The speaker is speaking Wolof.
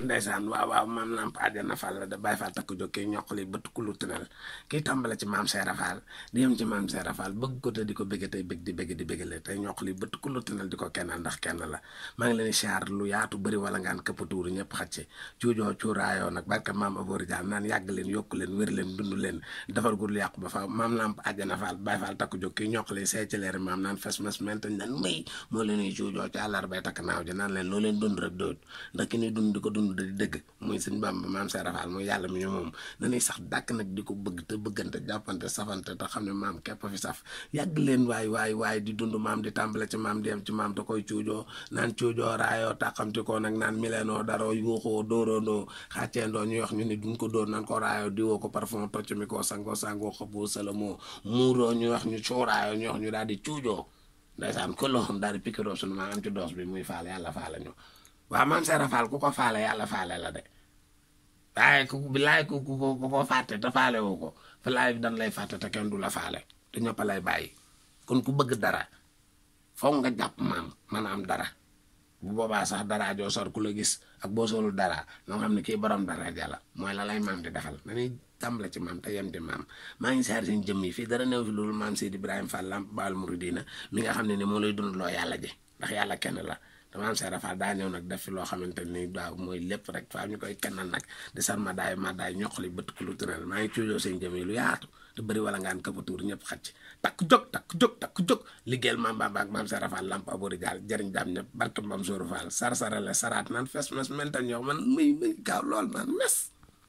ndeysaan waaw waaw maam lamp àddina fal la da bàyyi fal takk jóg kii ñoqli bët ku lu tënal kii tàmbale ci maam seera faal di yem ci maam seera faal bëgg ko te di ko bëgg tey bëgg di bëgg di bëggale tey ñoqli bët ku lu tënal di ko kenn ndax kenn la maa ngi leen siyaar lu yaatu bëri wala ngaan këpp tuuru ñëpp xaj ci cuujoo cuuraayoo nag barka maam abori naan yàgg leen yokk leen wér leen dund leen defar gur yàqu ba fa maam lamp àddina faal bàyyi faal takk jóg kii ñoqli see ci leer maam naan fes mes mentañ naan may moo leen cuujoo ci àllar naaw ji naan leen loo leen dund rek doot ndax ki ni dund di dund dund di dëgg muy sëñ Bàmba maam Serafal muy yàlla mi ñu moom dañuy sax dàkk nag di ko bëgg te bëggante jàppante safante te xam ne maam képp fi saf yàgg leen waay waay waay di dund maam di tàmbale ci maam di yem ci maam te koy cuujoo naan cuujoo raayoo tàqamti ko nag naan milenoo daroo ñu ne duñ ko dóor naan ko raayoo diwoo ko parfum tocc mi koo sangoo sangoo xëppoo salamoo muuroo ñuy wax ñu cuuraayoo ñuy wax ñu daal di cuujoo ndaysaan ko loxoom daal di pikiiroo sunu maam am ci doos bi muy faal yàlla faala ñu wa man Seera fal ko ko ya eh, la fale la de ay ku bilay ku ko ko fate ta fale wo ko dan lay fate ta ken fale. la faale te ñëpp lay kon ku bëgg dara fo nga japp mam man am dara bu boba sax dara jo sor ku la gis ak bo solo dara no xamni ki borom dara la moy la lay mam di defal dañuy tambla ci mam te yem di mam ma ngi sar seen jëmm yi dara neew fi lool mam Seydi ibrahim Fall Lamp Baal Mouridina mi nga xamni ne mo lay dund lo yalla je ndax yalla kenn la dama am see rafaat daa ñëw nag def fi loo xamante ni waaw mooy lépp rek faa ñu koy kennal nag di sar ma daay ma daay ñoqali ku lu tëral maa ngi cuujoo seen jëm yi lu yaatu te bëri wala ngaan kapatuur ñëpp xacc takk jóg takk jóg takk jóg liggéeyal maam bamba ak maam see rafaat lamp abori gaal jëriñ daam ñëpp barke mbam sóoru faal sar sarale saraat naan fes mes mental ñoo man muy muy gaaw lool man mes